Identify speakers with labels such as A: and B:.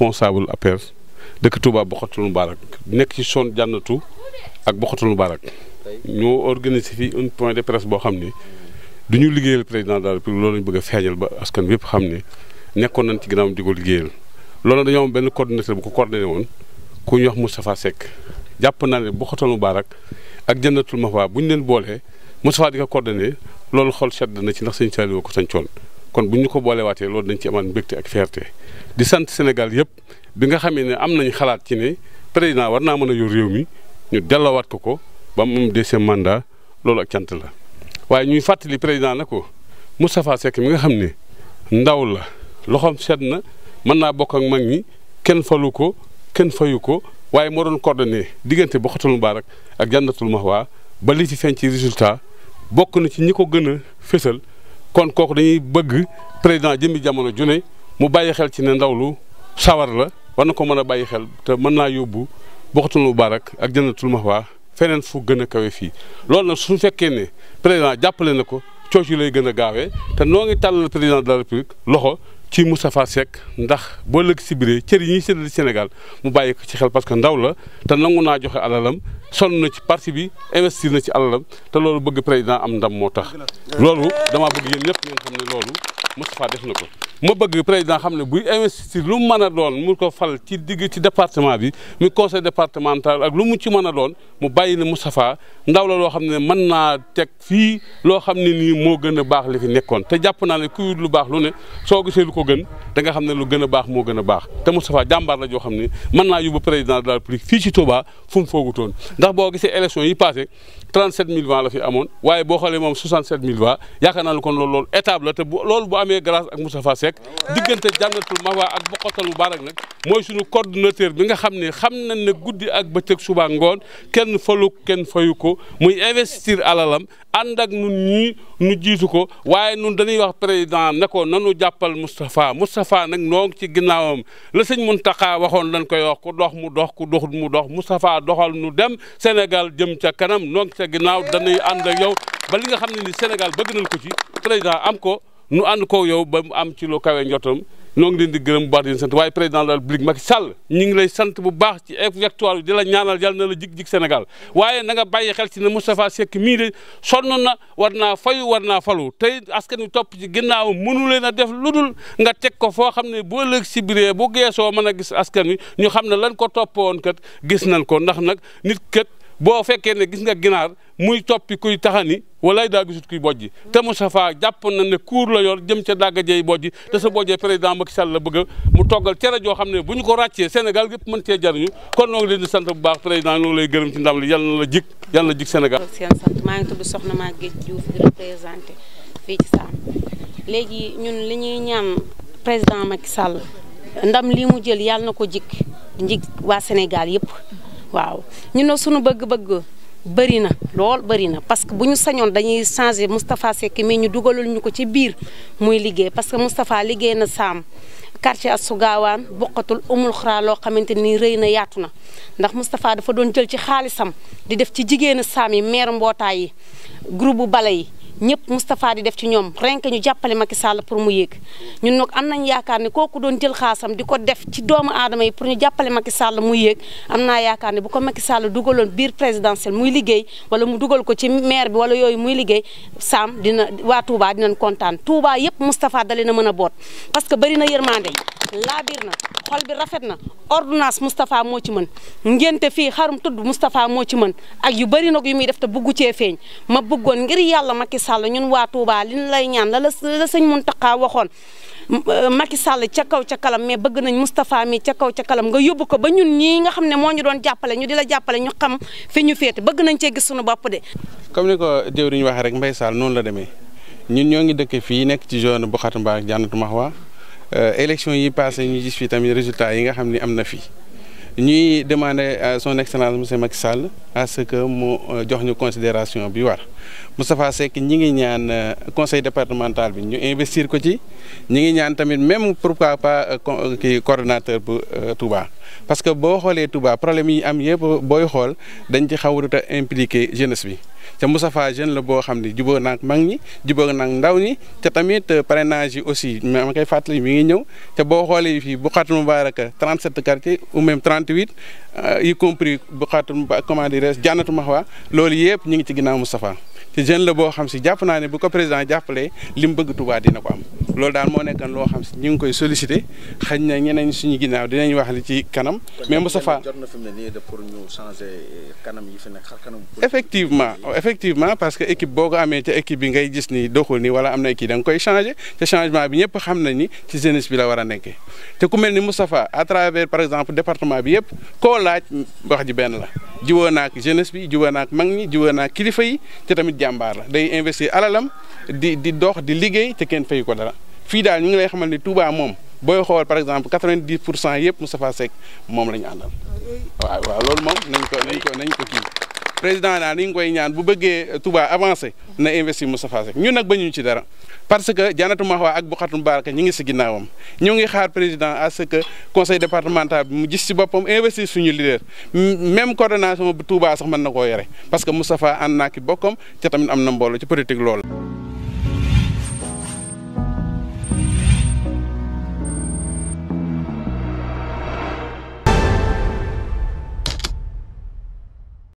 A: responsable APR dëkk Touba Bokhatul Moubarak nekk ci son jànnatu ak Bokhatul Moubarak ñoo organiser fi un point de presse boo xam ni du ñu liggéeyal président de la République loolu lañ bëgg a feeñal ba askan wépp xam ne nekkoon nañ ci ginnaawam di ko liggéeyal loolu dañoo am benn coordinateur bu ko coordonné woon ku ñuy wax Moustapha Seck jàpp naa ne Bokhatul Moubarak ak Jannatul Mahwa bu ñu leen boolee Moustapha di ko coordonné loolu xol sedd na ci ndax sëñ Saliou ko sañcoon kon bu ñu ko boolewaatee loolu dañ ci amal mbégte ak fierté di sant Sénégal yëpp bi nga xamee ne am nañ xalaat ci ne président war naa mën a yor réew mi ñu delloowaat ko ko ba mu am deuxième mandat loolu ak cant la. waaye ñuy fàttali président na ko Moustapha Seck mi nga xam ne ndaw la loxoom set na mën naa bokk ak mag ñi kenn falu ko kenn fayu ko waaye moo doon coordonné diggante Bokhatul Moubarak ak Jannatul waa ba li fi feeñ ci résultat bokk na ci ñi ko gën a fésal. kon kooku dañuy bëgg président jëmmi jamono june mu bàyyi xel ci ne ndaw lu sawar la war na ko mën a bàyyi xel te mën naa yóbbu bu mu rek ak jëndatul waa feneen fu gën a kawe fii loolu nag su fekkee ne président jàppale na ko cooc lay gën a gaawee te noo ngi tàllal président de la loxo ci Moustapha Seck ndax boo lëg si biree cër yi ñuy séddale Sénégal mu bàyyi ko ci xel parce que ndaw la te nangu naa joxe alalam sonn na ci parti bi investir na ci alalam te loolu bëgg président am ndam moo tax loolu damaa bëgg yéen ñëpp ngeen tam ne loolu Moustapha def na ko ma bëgg président xam ne buy investir lu mu mën a doon mu ko fal ci digg ci département bi mu conseil départemental ak lu mu ci mën a doon mu bàyyi ne Moustapha ndaw la loo xam ne mën naa teg fii loo xam ne nii moo gën a baax la fi nekkoon te jàpp naa ne kuy lu baax lu ne soo gisee lu ko gën da xam ne lu gën a baax moo gën a baax te Moustapha jàmbaar la joo xam ne mën naa yóbbu président de la République fii ci Touba fu mu foogutoon boo gisee élection yi passé 37000 voix amee grâce ak Moustapha Seck diggante jànnatul mawa ak boqatal bu baarak nag mooy suñu coordonnateur bi nga xam ne xam nañ ne guddi ak bëccëg suba ngoon kenn falu kenn fayu ko muy investir alalam ànd ak nun ñii nu jiitu ko waaye nun dañuy wax président nekkoon ko nanu jàppal Moustapha Moustapha nag noo ngi ci ginnaawam la sëñ Mountakha waxoon lañ koy wax ku dox mu dox ku doxut mu dox Moustapha doxal nu dem Sénégal jëm ca kanam noo ngi ca ginnaaw dañuy ànd ak yow ba nga xam ne ni ko nu ànd ko yow ba mu am ci lu kawe njottam noo ngi leen di gërëm bu baax di sant waaye président de la République Macky Sall ñu ngi lay sant bu baax ci victoire bi di la ñaanal yàlla na la jig jig Sénégal waaye nanga nga bàyyi xel ci ne Moustapha Seck mii de sonn na war naa fayu war naa falu tey askan wi topp ci ginnaaw mënu leen a def lu dul nga teg ko foo xam ne boo lëg si biree bu geesoo mën a gis askan wi ñu xam ne lan ko toppoon kat gis nañ ko ndax nag nit kat boo fekkee ne gis nga ginaar muy toppi kuy taxani walaay daa gisut kuy bojji te Moustapha jàpp na ne kuur la yor jëm ca dagga jeey bojji te sa bojjee président Macky Sall la bëgg mu toggal cere joo xam ne bu ñu ko ràccee Sénégal yëpp mën cee jariñu kon noo ngi leen sant bu baax président noo ngi lay gërëm ci ndam li yal na la jik yal na jik Sénégal.
B: seen maa ngi tudd Soxna Maguette Diouf di représenté ci Sàmm léegi ñun li ñuy ñaan président Macky Sall ndam li mu jël yàlla na ko jik njig waa Sénégal yëpp waaw ñun nag sunu bëgg-bëgg. bëri na lool bëri na parce que bu ñu sañoon dañuy changé Moustapha Seck mais ñu dugalul ñu ko ci biir muy liggéey parce que Moustapha liggéey na saam quartier Astou Gawane bokkatul amul xaraa loo xamante ni rëy na yaatu na ndax Moustapha dafa doon jël ci xaalisam di def ci jigéenu saam yi maire mbootaay yi groupe bu bale yi ñëpp Moustapha di def ci ñoom renk ñu jàppale Macky Sall pour mu yéeg ñun nag am nañ yaakaar ne kooku doon jël xaasam di ko def ci doomu aadama yi pour ñu jàppale Macky Sall mu yéeg am naa yaakaar ne bu ko Macky Sall dugaloon biir présidentiel muy liggéey wala mu dugal ko ci maire bi wala yooyu muy liggéey Sam dina waa Touba dinañ kontaan Touba yëpp Moustapha dale na mën a boot parce que bëri na yërmande laabir na xol bi rafet na ordonnance Moustapha moo ci mën ngénte fii xarum tudd Moustapha moo ci mën ak yu bëri nag yu muy def te buggu cee feeñ ma bëggoon ngir yàlla Macky macha ñun waa Touba li ñu lay ñaan la la mun sëñ a waxoon euh, Macky Sall ca kaw ca kalam mais bëgg nañ Moustapha mi ca kaw ca kalam nga yóbbu ko ba ñun ñii nga xam ne moo ñu doon jàppale ñu di la jàppale ñu xam fi ñu féete bëgg nañ cee gis suñu bopp de.
C: comme ni ko jëwriñ waxee rek Mbaye Sall noonu la demee ñun ñoo ngi dëkk fii nekk ci zone bu Xatamba ak Jannatul Mahwa euh, élection yi passé ñu gis fii tamit résultat yi nga xam ni am na fii ñuy demander à son excellence monsieur Macky Sall à ce que mu euh, jox ñu considération bi war Moustapha Seck ñi ngi ñaan euh, conseil départemental bi ñu investir ko ci ñi ngi ñaan tamit même pourquoi pas euh, kii coordonnateur bu Touba. parce que boo xoolee tubaa problème yi am yëpp booy xool dañ ci xaw a impliqué jeunesse bi. ca Moussa Fadjane la boo xam ne jubóo nag mag ñi jubóo nag ndaw ñi te tamit euh, parrainage yi aussi ma koy fàttali mi ngi ñëw te boo xoolee fii bu xaatul mubaraka trente sept quartier ou même trente huit euh, y compris bu xaatul mu comment dire jànnatu mahwa loolu yëpp ñu ngi ci ginnaaw Moustapha te jeune la boo xam si jàpp naa ne bu ko président jàppalee lim bëgg tubaa dina ko am loolu daal moo nekkoon loo xam si ñu ngi koy sollicité xëy na ñeneen suñu ginnaaw dinañ wax li ci kanam. mais Moustapha jot na fi mu ne nii pour ñu changer kanam yi fi nekk xar kanam. effectivement effectivement parce que équipe boo ko amee ca équipe bi ngay gis ni doxul ni wala am na kii da nga koy changer te changement bi ñëpp xam nañ ni ci jeunesse bi la war a nekkee te ku mel ni Moustapha à travers par exemple département bi yëpp koo laaj wax ji benn la. jiwoon naa jeunesse bi jiwoon naa ak mag ñi jiwoon naa kilifa yi te tamit jàmbaar la day investir alalam di di dox di liggéey te kenn fayu ko dara. fii daal ñu ngi lay xamal ni Touba moom booy xool par exemple quatre vingt dix pour cent yëpp Moustapha Seck moom la ñu àndal waaw waaw loolu moom nañ ko nañ ko nañ président daal ni ñu koy ñaan bu bëggee Touba avancé na investi Moustapha Seck ñun nag bañuñu ci dara parce que Jannatul Mahwa ak Boukhatoul Baraka ñu ngi si ginnaawam ñoo ngi xaar président à ce que conseil départemental bi mu gis si boppam investir suñu leader même coordination bu Touba sax mën na koo yore parce que Moustapha ànd naa ki bokkam ca am na mbooloo ci politique loolu